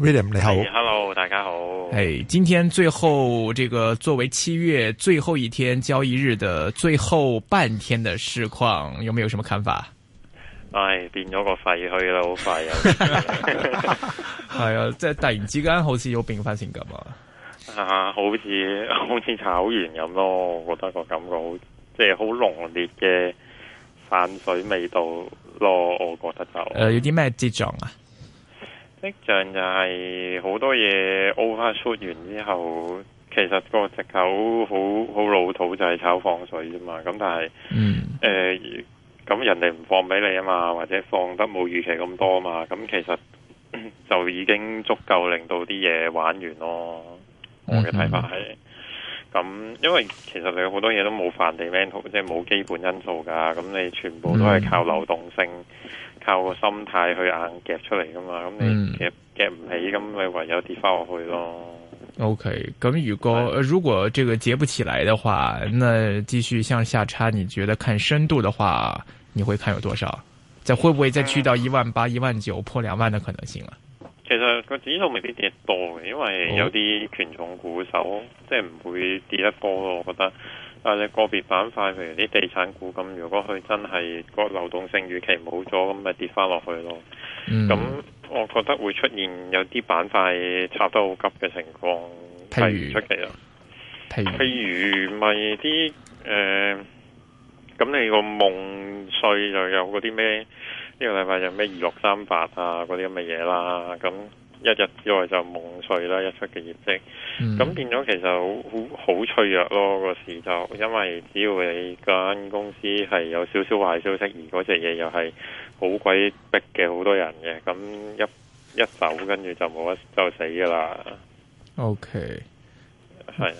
william 你好 hey,，Hello，大家好。誒，hey, 今天最後這個作為七月最後一天交易日的最後半天的市況，有沒有什麼看法？唉、哎，變咗個廢墟啦、uh,，好快啊！係啊，即係突然之間好似有變翻成咁啊！啊，好似好似炒完咁咯，我覺得個感覺好，即係好濃烈嘅散水味道咯，我覺得就誒，uh, 有啲咩跡象啊？跡象就係好多嘢 overshoot 完之後，其實個藉口，好好老土就係炒水、嗯呃、放水啫嘛。咁但係，誒，咁人哋唔放俾你啊嘛，或者放得冇預期咁多嘛。咁其實 就已經足夠令到啲嘢玩完咯。嗯、我嘅睇法係，咁、嗯、因為其實你好多嘢都冇 fundamental，即係冇基本因素噶。咁你全部都係靠流動性。嗯嗯靠個心態去硬夾出嚟㗎嘛，咁你夾、嗯、夾唔起，咁咪唯有跌翻落去咯。OK，咁如果如果這個夾唔起來嘅話，那繼續向下差，你覺得看深度的話，你會看有多少？再會不會再去到一萬八、嗯、一萬九破兩萬嘅可能性啊？其實個指數未必跌得多嘅，因為有啲權重股手即係唔會跌得多咯，我覺得。啊！你個別板塊，譬如啲地產股咁，如果佢真係個流動性預期冇咗，咁咪跌翻落去咯。咁、嗯、我覺得會出現有啲板塊插得好急嘅情況，例如出奇、呃這個、啊！譬如咪啲誒，咁你個夢碎又有嗰啲咩？呢個禮拜有咩二六三八啊？嗰啲咁嘅嘢啦，咁。一日之外就蒙碎啦，一出嘅業績咁、嗯、變咗，其實好好脆弱咯。個時，就因為只要你間公司係有少少壞消息，而嗰隻嘢，又係好鬼逼嘅，好多人嘅咁一一走，跟住就冇就死噶啦。OK，係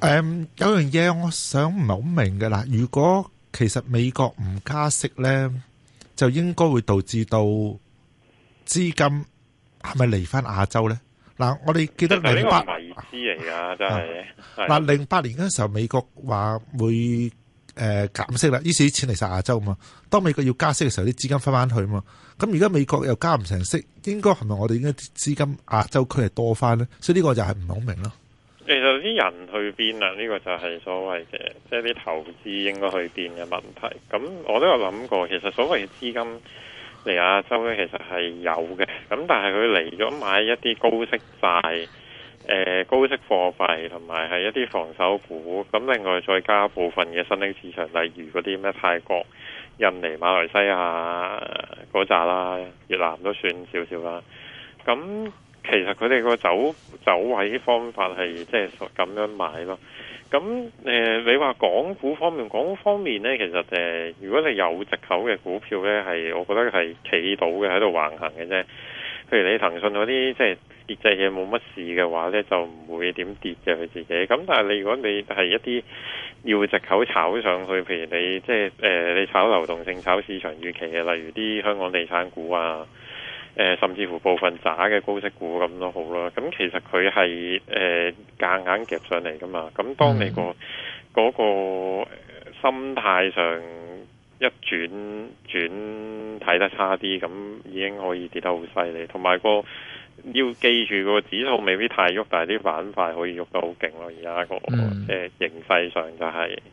誒，um, 有樣嘢我想唔係好明嘅啦。如果其實美國唔加息咧，就應該會導致到資金。係咪嚟翻亞洲咧？嗱、啊，我哋記得零八，呢個之嚟噶，真係。嗱，零八年嗰陣時候，美國話會誒減、呃、息啦，於是啲錢嚟晒亞洲嘛。當美國要加息嘅時候，啲資金翻翻去嘛。咁而家美國又加唔成息，應該係咪我哋應該資金亞洲區係多翻咧？所以呢個就係唔好明咯。其實啲人去邊啊？呢、這個就係所謂嘅，即係啲投資應該去邊嘅問題。咁我都有諗過，其實所謂嘅資金。嚟啊，亞洲咧其實係有嘅，咁但係佢嚟咗買一啲高息債、誒、呃、高息貨幣，同埋係一啲防守股，咁另外再加部分嘅新興市場，例如嗰啲咩泰國、印尼、馬來西亞嗰扎啦、越南都算少少啦。咁其實佢哋個走走位方法係即係咁樣買咯。咁誒、呃，你話港股方面，港股方面咧，其實誒、呃，如果你有藉口嘅股票咧，係我覺得係企到嘅，喺度橫行嘅啫。譬如你騰訊嗰啲，即係跌制嘢，冇乜事嘅話咧，就唔會點跌嘅佢自己。咁但係你如果你係一啲要藉口炒上去，譬如你即係誒、呃，你炒流動性、炒市場預期嘅，例如啲香港地產股啊。誒、呃，甚至乎部分渣嘅高息股咁都好啦。咁其實佢係誒夾硬夾上嚟㗎嘛。咁當你、嗰個嗰、嗯、個心態上一轉轉睇得差啲，咁已經可以跌得好犀利。同埋、嗰個要記住個指數未必太喐，但係啲板塊可以喐得好勁咯。而家個誒形勢上就係、是。嗯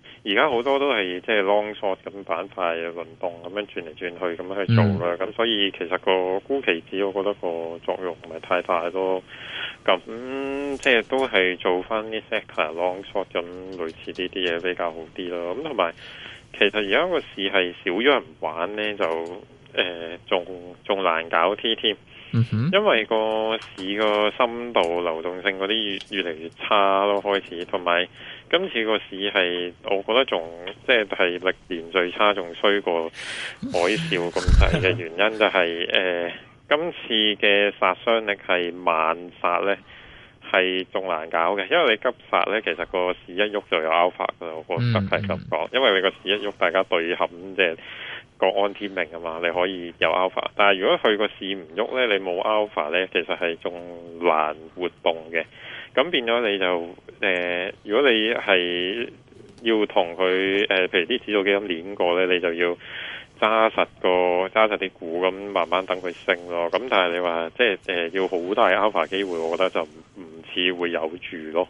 而家好多都係即係 long short 咁板塊嘅運動咁樣轉嚟轉去咁樣去做啦，咁、mm hmm. 所以其實個沽期指我覺得個作用唔係太大咯。咁即係都係做翻啲 sector long short 咁類似呢啲嘢比較好啲咯。咁同埋其實而家個市係少咗人玩呢，就誒仲仲難搞啲添。Mm hmm. 因為個市個深度流動性嗰啲越越嚟越差咯。開始同埋今次個市係，我覺得仲即係係歷年最差，仲衰過海嘯咁大嘅原因就係、是，誒、呃、今次嘅殺傷力係慢殺呢，係仲難搞嘅，因為你急殺呢，其實個市一喐就有拗 out 發嘅，我覺得係咁講，mm hmm. 因為你個市一喐，大家對撼即係。國安天命啊嘛，你可以有 alpha，但係如果佢個市唔喐咧，你冇 alpha 咧，其實係仲難活動嘅。咁變咗你就誒、呃，如果你係要同佢誒，譬如啲指數基金鏈過咧，你就要揸實個揸實啲股咁，慢慢等佢升咯。咁但係你話即係誒、呃，要好大 alpha 機會，我覺得就唔似會有住咯。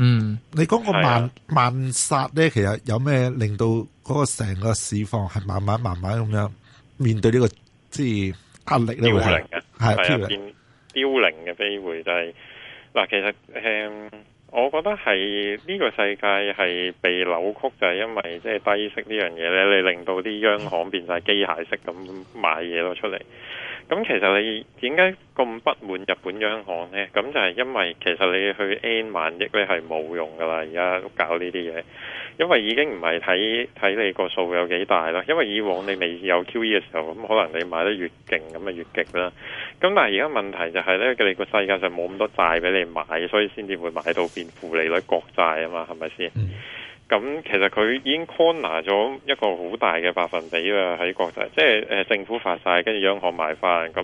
嗯，你講個慢、啊、慢殺咧，其實有咩令到嗰個成個市況係慢慢慢慢咁樣面對呢、這個即係壓力呢個係啊，係啊，變凋零嘅機會就係嗱，其實誒、嗯，我覺得係呢個世界係被扭曲，就係因為即係低息呢樣嘢咧，你令到啲央行變晒機械式咁賣嘢咯出嚟。咁其實你點解咁不滿日本央行呢？咁就係因為其實你去 N 萬億咧係冇用噶啦，而家搞呢啲嘢，因為已經唔係睇睇你個數有幾大啦。因為以往你未有 QE 嘅時候，咁可能你買得越勁咁啊越極啦。咁但係而家問題就係呢，佢哋個世界上冇咁多債俾你買，所以先至會買到變負利率國債啊嘛，係咪先？嗯咁、嗯、其實佢已經 corner 咗一個好大嘅百分比啦，喺國際，即係、呃、政府發晒，跟住央行買返，咁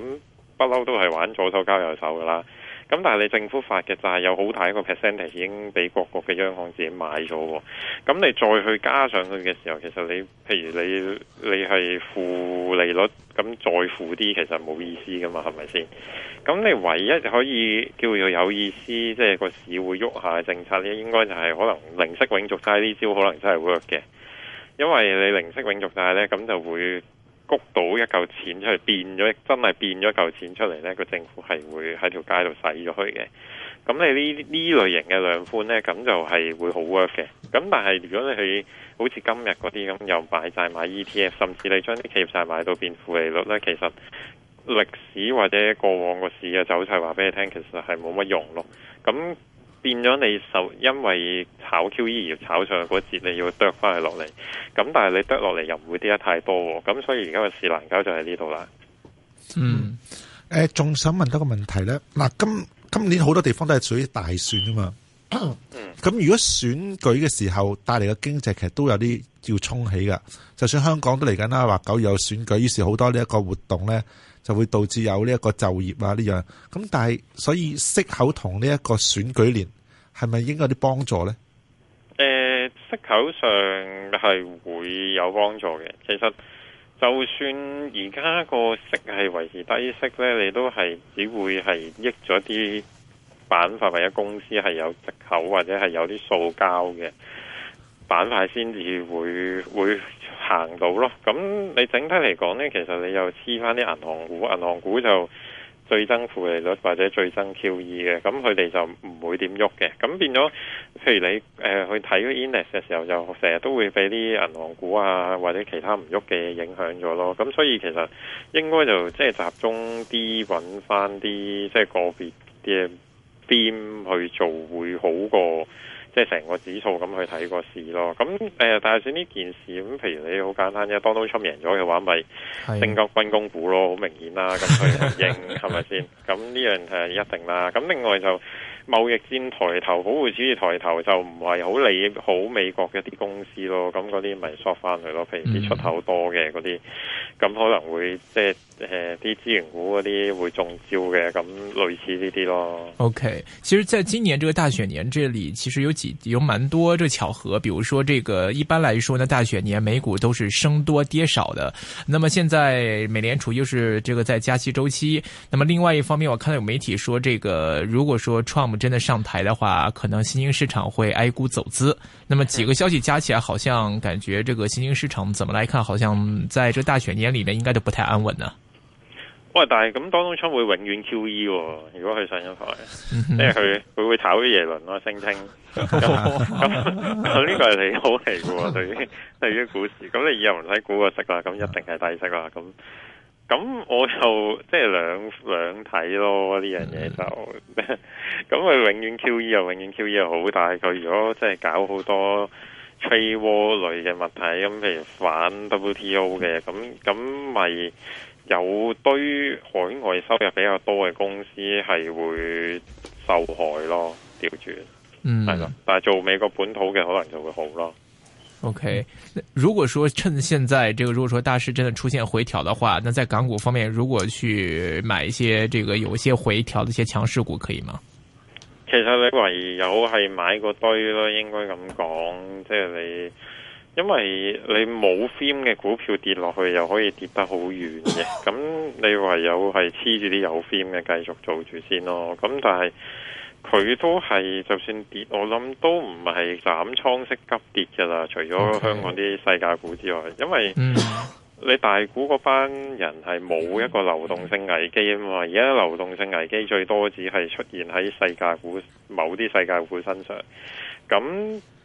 不嬲都係玩左手交右手噶啦。咁但係你政府發嘅就係有好大一個 percentage 已經俾各國嘅央行自己買咗喎，咁你再去加上去嘅時候，其實你譬如你你係負利率，咁再負啲其實冇意思噶嘛，係咪先？咁你唯一可以叫做有意思，即係個市會喐下嘅政策咧，應該就係可能零息永續債呢招可能真係 work 嘅，因為你零息永續債咧，咁就會。谷到一嚿錢出去變咗，真係變咗嚿錢出嚟，呢個政府係會喺條街度使咗佢嘅。咁你呢呢類型嘅量寬呢，咁就係會好 work 嘅。咁但係如果你係好似今日嗰啲咁，又買債買 ETF，甚至你將啲企業債買到變負利率呢，其實歷史或者過往個市啊，走勢話俾你聽，其實係冇乜用咯。咁變咗你受，因為炒 QE 而炒上嗰節，你要剁翻佢落嚟。咁但係你剁落嚟又唔會跌得太多。咁所以而家嘅市難搞就喺呢度啦。嗯，誒、呃，仲想問多個問題咧。嗱，今今年好多地方都係屬於大選啊嘛。嗯。咁如果選舉嘅時候帶嚟嘅經濟其實都有啲。要沖起噶，就算香港都嚟緊啦，話九有選舉，於是好多呢一個活動呢就會導致有呢一個就業啊呢樣。咁但係，所以息口同呢一個選舉年係咪應該有啲幫助呢？誒，息口上係會有幫助嘅。其實就算而家個息係維持低息呢，你都係只會係益咗啲板塊或者公司係有息口或者係有啲塑膠嘅。板塊先至會會行到咯，咁你整體嚟講呢，其實你又黐翻啲銀行股，銀行股就最憎負利率或者最憎 QE 嘅，咁佢哋就唔會點喐嘅，咁變咗，譬如你誒、呃、去睇個 index 嘅時候，就成日都會俾啲銀行股啊或者其他唔喐嘅嘢影響咗咯，咁所以其實應該就即係集中啲揾翻啲即係個別啲 theme 去做會好過。即係成個指數咁去睇個市咯，咁誒、呃，但係算呢件事咁，譬如你好簡單啫，Donald Trump 贏咗嘅話，咪升級軍工股咯，好明顯啦，咁佢應係咪先？咁呢樣係一定啦。咁另外就。貿易戰抬頭，保護主義抬頭，就唔係好利好美國嘅啲公司咯，咁嗰啲咪縮翻佢咯。譬如啲出口多嘅嗰啲，咁、嗯、可能會即係誒啲資源股嗰啲會中招嘅，咁類似呢啲咯。O、okay, K，其實，在今年這個大選年這裏，其實有幾有蠻多這個巧合，比如說，這個一般來說呢，大選年美股都是升多跌少的。那麼現在美聯儲又是這個在加息週期，那麼另外一方面，我看到有媒體說，這個如果說創真的上台的話，可能新興市場會挨沽走資。那麼幾個消息加起來，好像感覺這個新興市場怎麼來看，好像在這大選年裏面應該都不太安穩呢。喂，但係咁當中倉會永遠 QE，如果佢上咗台，因為佢佢會炒啲耶輪耶倫咯，聲稱。咁咁呢個係利好嚟嘅，對於對於股市，咁你以後唔使估個息啦，咁一定係低息啦，咁。嗯咁我就即係兩兩睇咯，呢樣嘢就咁佢 永遠 QE 又永遠 QE 又好，但係佢如果即係搞好多 trade war 類嘅物體，咁譬如反 WTO 嘅，咁咁咪有堆海外收入比較多嘅公司係會受害咯，調轉，嗯，係咯，但係做美國本土嘅可能就會好咯。OK，如果說趁現在，這個如果說大市真的出現回調的話，那在港股方面，如果去買一些這個有一些回調的一些強勢股，可以嗎？其實你唯有係買個堆咯，應該咁講，即係你，因為你冇 theme 嘅股票跌落去，又可以跌得好遠嘅，咁 你唯有係黐住啲有 theme 嘅繼續做住先咯，咁但係。佢都係，就算跌，我諗都唔係斬倉式急跌㗎喇。除咗香港啲世界股之外，因為你大股嗰班人係冇一個流動性危機啊嘛。而家流動性危機最多只係出現喺世界股某啲世界股身上。咁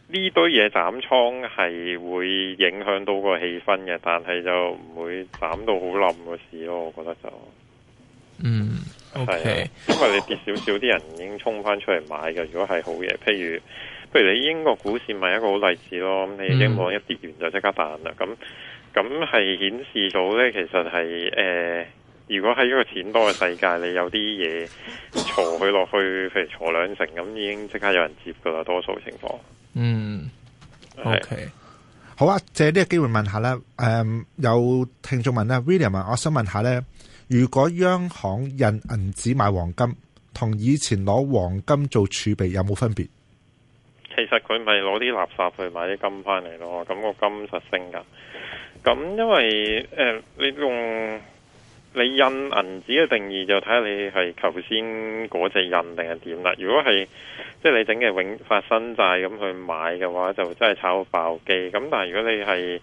呢堆嘢斬倉係會影響到個氣氛嘅，但係就唔會斬到好冧嘅事咯。我覺得就。嗯，係的，Okay. 因為你跌少少，啲人已經衝翻出嚟買嘅。如果係好嘢，譬如譬如你英國股市，咪一個好例子咯。你英鎊一跌完就即刻彈啦。咁咁係顯示到咧，其實係誒、呃，如果喺呢個錢多嘅世界，你有啲嘢鋤佢落去，譬如鋤兩成咁，已經即刻有人接噶啦，多數情況。嗯的，OK，好啊，借呢個機會問下咧，誒、嗯，有聽眾問咧，William 啊，我想問下咧。如果央行印銀紙買黃金，同以前攞黃金做儲備有冇分別？其實佢咪攞啲垃圾去買啲金翻嚟咯，咁、那個金實升噶。咁因為誒、呃、你用你印銀紙嘅定義，就睇下你係頭先嗰隻印定係點啦。如果係即係你整嘅永發生債咁去買嘅話，就真係炒爆機。咁但係如果你係，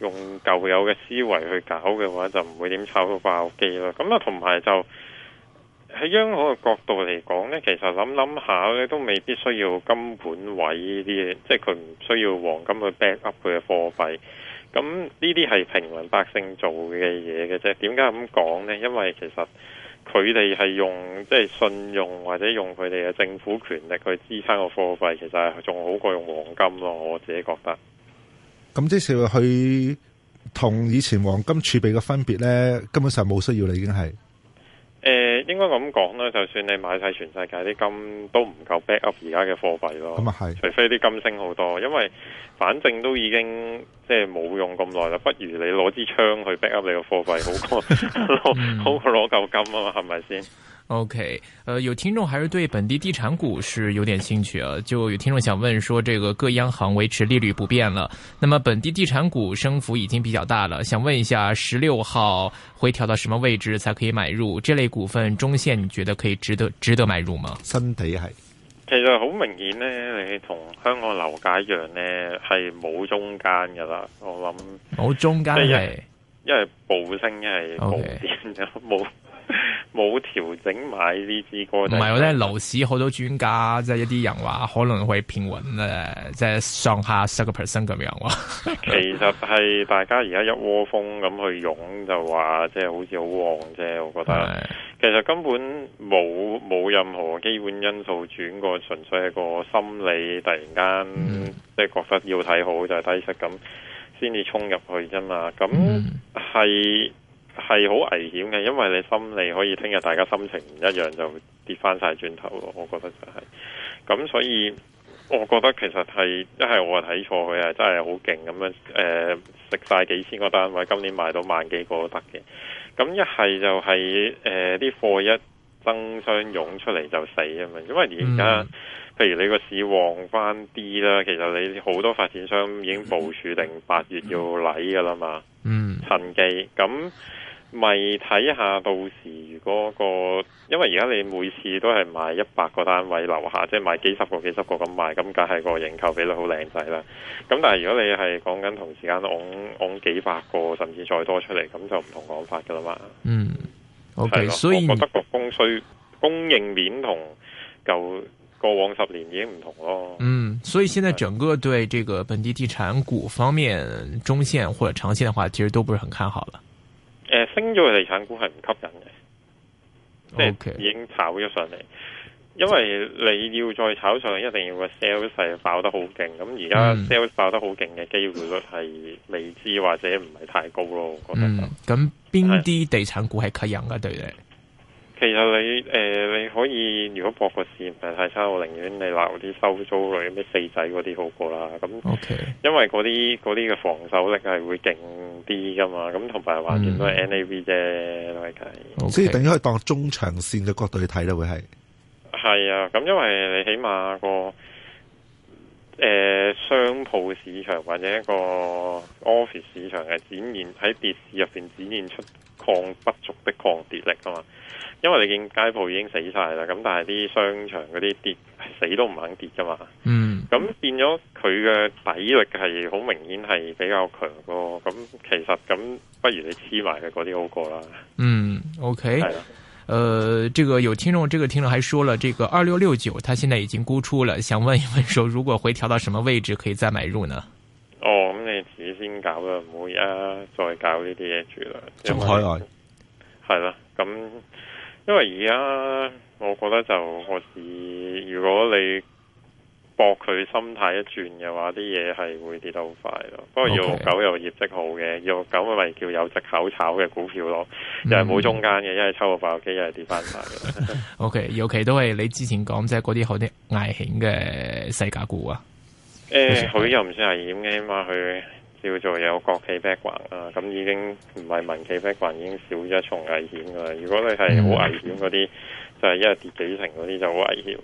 用舊有嘅思維去搞嘅話，就唔會點炒到爆機咯。咁啊，同埋就喺央行嘅角度嚟講呢，其實諗諗下呢，都未必需要金本位呢啲嘢，即係佢唔需要黃金去 back up 佢嘅貨幣。咁呢啲係平民百姓做嘅嘢嘅啫。點解咁講呢？因為其實佢哋係用即係信用或者用佢哋嘅政府權力去支撐個貨幣，其實係仲好過用黃金咯。我自己覺得。咁即係佢同以前黃金儲備嘅分別呢，根本上冇需要你已經係。誒、呃，應該咁講啦，就算你買晒全世界啲金都唔夠 back up 而家嘅貨幣咯，咁啊係，除非啲金升好多，因為反正都已經即係冇用咁耐啦，不如你攞支槍去 back up 你個貨幣好過攞 好過攞拿嚿、嗯、金啊嘛，係咪先？OK，誒、呃，有聽眾還是對本地地產股是有點興趣啊？就有聽眾想問說，這個各央行維持利率不變了，那麼本地地產股升幅已經比較大了，想問一下，十六號回調到什麼位置才可以買入這類股份？中線你覺得可以值得值得買入嗎？身體係，其實好明顯呢，你同香港樓價一樣呢，係冇中間噶啦。我諗冇、哦、中間係以，因為，因為暴升因係冇變冇。Okay. 冇調 整買呢支歌，唔係，我咧樓市好多專家即係、就是、一啲人話，可能會平穩咧、就是，即係上下十個 percent 咁樣喎。其實係大家而家一窩蜂咁去湧，就話即係好似好旺啫。我覺得對 其實根本冇冇任何基本因素轉過，純粹係個心理突然間、嗯、即係覺得要睇好就係、是、低息咁，先至沖入去啫嘛。咁係。係好危險嘅，因為你心理可以聽日大家心情唔一樣就跌翻晒轉頭咯。我覺得就係、是，咁、嗯、所以我覺得其實係一係我睇錯佢啊，真係好勁咁樣。誒、呃，食晒幾千個單位，今年賣到萬幾個都得嘅。咁一係就係、是、誒，啲、呃、貨一爭相湧出嚟就死啊嘛。因為而家，譬如你個市旺翻啲啦，其實你好多發展商已經部署定八月要嚟噶啦嘛，嗯陳。嗯，趁機咁。咪睇下到時如、那、果個，因為而家你每次都係賣一百個單位樓下，即係賣幾十個、幾十個咁賣，咁梗係個認購比率好靚仔啦。咁但係如果你係講緊同時間往往幾百個甚至再多出嚟，咁就唔同講法噶啦嘛。嗯，OK，的所以我覺得個供需供應面同舊、那個、過往十年已經唔同咯。嗯，所以現在整個對這個本地地產股方面，中線或者長線的話，其實都不是很看好了。誒，升咗嘅地產股係唔吸引嘅，即係已經炒咗上嚟。因為你要再炒上嚟，一定要個 sales 係爆得好勁。咁而家 sales 爆得好勁嘅機會率係未知或者唔係太高咯。我覺得咁，邊啲地產股係吸引啊？對咧，其實你誒，呃，你可以如果博個市，唔係太差，我寧願你留啲收租類，咩四仔嗰啲好過啦。咁，因為嗰啲啲嘅防守力係會勁。啲噶嘛，咁同埋話見到 NAV 啫，都係計。即係等於可以當中長線嘅角度去睇啦，會係、嗯。係啊、嗯，咁因為你起碼、個誒、呃、商鋪市場或者一個 office 市場係展現喺跌市入邊展現出抗不足的抗跌力啊嘛。因為你見街鋪已經死晒啦，咁但係啲商場嗰啲跌死都唔肯跌噶嘛。嗯。咁變咗佢嘅底力係好明顯係比較強咯，咁其實咁不如你黐埋嘅嗰啲好過啦。嗯，OK，誒了、呃，這個有聽眾，呢個聽眾還說了，這個二六六九，他現在已經沽出了，想問一問，說如果回調到什麼位置可以再買入呢？哦，咁你自己先搞啦，唔好而家再搞呢啲嘢住啦。咁海，啊，係啦，咁因為而家我覺得就我是如果你。搏佢心態一轉嘅話，啲嘢係會跌得好快咯。不過二六九 Okay. 又業績好嘅、嗯，二六九咪叫有隻口炒嘅股票咯，又係冇中間嘅，一係抽個爆機，一係跌翻晒嘅。 o、okay, K，尤其都係你之前講即係嗰啲好啲危險嘅細價股啊。誒、欸，佢又唔算危險嘅，起碼佢。叫做有國企 background 啊，咁已經唔係民企 background，已經少咗一重危險噶啦。如果你係好危險嗰啲，嗯、就係一日跌幾成嗰啲就好危險。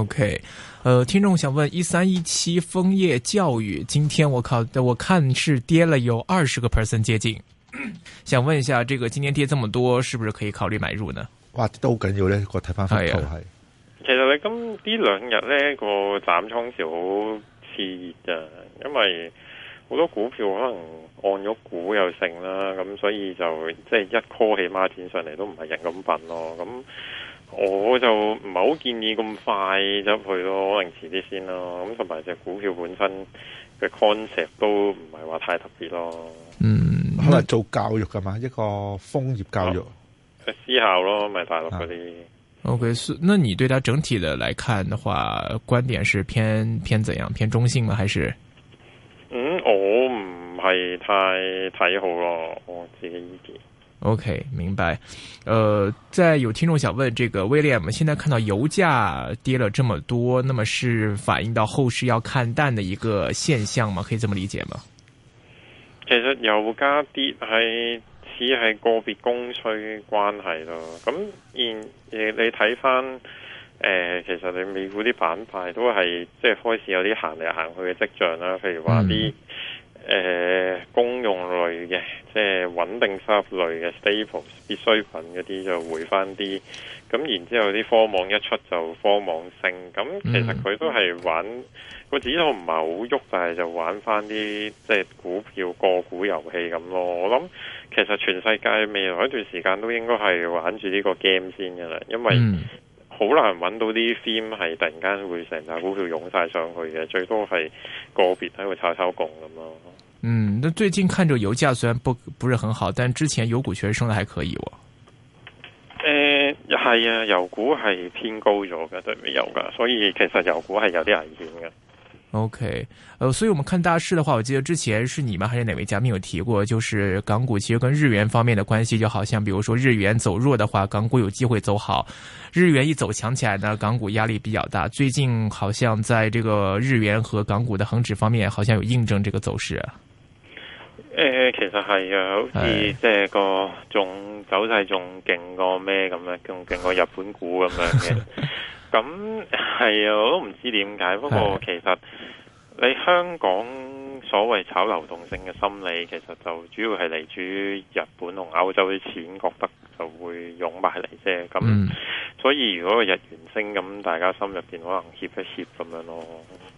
OK，呃，聽眾想問一三一七楓葉教育，今天我靠，我看是跌了有二十個 percent 接近， 想問一下，這個今天跌這麼多，是不是可以考慮買入呢？哇，都好緊要咧，我睇翻幅圖係，其實你咁呢兩日咧，個斬倉潮好熾熱噶，因為。好多股票可能按咗股又升啦，咁、嗯、所以就即係一 call 起碼錢上嚟都唔係人咁笨咯。咁、嗯、我就唔係好建議咁快入去咯，可能遲啲先咯。咁同埋隻股票本身嘅 concept 都唔係話太特別咯。嗯，可能做教育噶嘛？一個楓葉教育嘅私校咯，咪大陸嗰啲。啊、o、okay, K，那你對它整體的來看的話，觀點是偏偏怎樣？偏中性啊，還是？太睇好咯，我自己意見。OK，明白。呃，再有聽眾想問，這個 William，我們現在看到油價跌了這麼多，那麼是反映到後市要看淡的一個現象嗎？可以這麼理解嗎？其實油價跌係只係個別供需關係咯。咁而你睇翻，誒，其實你美股啲板塊都係即係開始有啲行嚟行去嘅跡象啦。譬如話啲。誒，公、呃、用類嘅，即係穩定收入類嘅 staples 必需品嗰啲就回翻啲，咁然之後啲科網一出就科網升，咁其實佢都係玩，我自己都唔係好喐，但係就玩翻啲即係股票個股遊戲咁咯。我諗其實全世界未來一段時間都應該係玩住呢個 game 先㗎喇，因為。好難揾到啲 Theme 係突然間會成大股票湧晒上去嘅，最多係個別喺度炒炒收工咁咯。嗯，但最近看着油價雖然不不是很好，但之前油股確實升得還可以喎。誒，係、呃、啊，油股係偏高咗嘅，對比油價，所以其實油股係有啲危險嘅。OK，呃，所以我們看大勢的話，我記得之前是你們？還是哪位嘉賓有提過？就是港股其實跟日元方面的關係，就好像，比如說日元走弱的話，港股有機會走好；日元一走強起來呢，港股壓力比較大。最近好像在這個日元和港股的恒指方面，好像有印證這個走勢、啊。誒、呃，其實係啊，好似即係個仲走勢仲勁過咩咁樣，仲勁過日本股咁樣嘅。 咁係啊，我都唔知點解。不過其實你香港所謂炒流動性嘅心理，其實就主要係嚟自於日本同歐洲啲錢，覺得就會湧埋嚟啫。咁所以如果個日元升，咁大家心入邊可能怯一怯咁樣咯。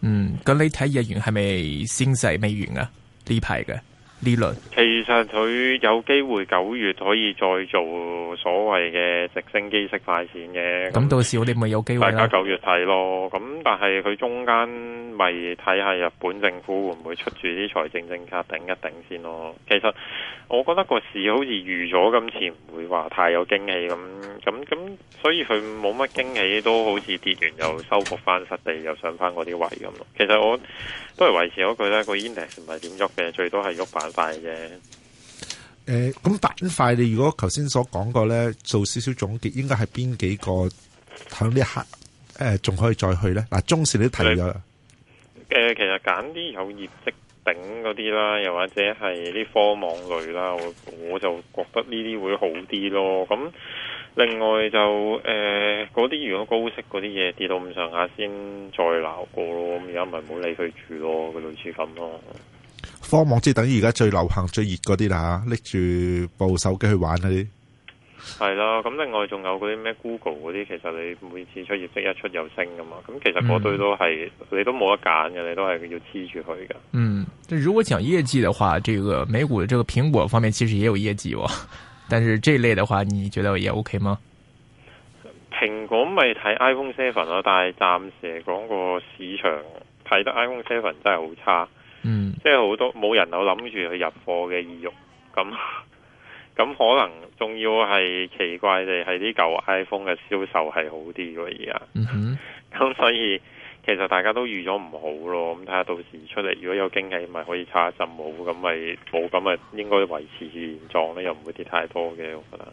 嗯，咁你睇日元係咪升勢未完啊？呢排嘅。呢輪其實佢有機會九月可以再做所謂嘅直升機式快線嘅。咁到時我哋咪有機會大家九月睇咯，咁但係佢中間咪睇下日本政府會唔會出住啲財政政策頂一頂先咯。其實我覺得個市好似預咗今次唔會話太有驚喜咁，咁咁，所以佢冇乜驚喜都好似跌完又收復翻實地，又上翻嗰啲位咁咯。其實我都係維持咗佢咧，個 index 唔係點喐嘅，最多係喐嗯嗯、快啫，誒，咁板塊你如果頭先所講過咧，做少少總結，應該係邊幾個響呢一刻誒，仲可以再去咧？嗱、啊，中線你都提咗，誒、嗯，其實揀啲有業績頂嗰啲啦，又或者係啲科網類啦，我就覺得呢啲會好啲咯。咁另外就誒，嗰、呃、啲如果高息嗰啲嘢跌到咁上下，先再撈過咯。咁而家咪冇理佢住咯，佢類似咁咯。科網即係等於而家最流行、最熱嗰啲啦，拎住部手機去玩嗰啲。係啦，咁另外仲有嗰啲咩 Google 嗰啲，其實你每次出業績一出又升噶嘛。咁其實嗰堆都係、嗯、你都冇得揀嘅，你都係要黐住佢嘅。嗯，如果講業績嘅話，這個美股嘅這個蘋果方面其實也有業績喎、哦，但是這一類嘅話，你覺得也 OK 嗎？蘋果咪睇 iPhone Seven 咯，但係暫時嚟講個市場睇得 iPhone Seven 真係好差。即係好多冇人有諗住去入貨嘅意欲，咁咁可能仲要係奇怪地係啲舊 iPhone 嘅銷售係好啲嘅而家，咁、嗯、哼所以其實大家都預咗唔好咯。咁睇下到時出嚟如果有驚喜，咪可以差一陣冇咁咪冇咁咪應該維持現狀咧，又唔會跌太多嘅，我覺得。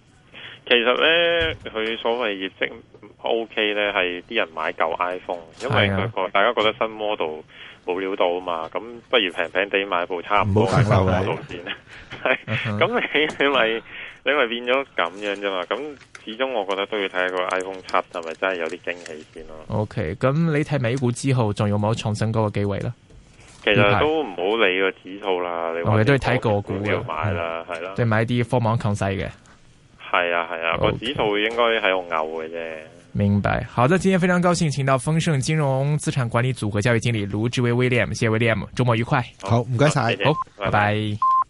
其實咧，佢所謂業績 O K 咧，係啲人買舊 iPhone，因為佢、啊、大家覺得新 model 冇料到啊嘛，咁不如平平地買部差唔多，唔好買舊 model 先啦。係，咁你你咪你咪變咗咁樣啫嘛。咁始終我覺得都要睇下個 iPhone 七係咪真係有啲驚喜先咯。O K，咁你睇美股之後，仲有冇創新嗰個機會咧？ 其實都唔好理個指數啦，我哋都要睇個股要買啦，係啦，即 係買啲科網強勢嘅。係啊，係啊，啊 Okay. 個指數應該係用牛嘅啫。明白，好的，今天非常高興，請到豐盛金融資產管理組合教育經理盧志威 William，謝謝 William，周末愉快。好，唔該晒，好，拜拜。拜拜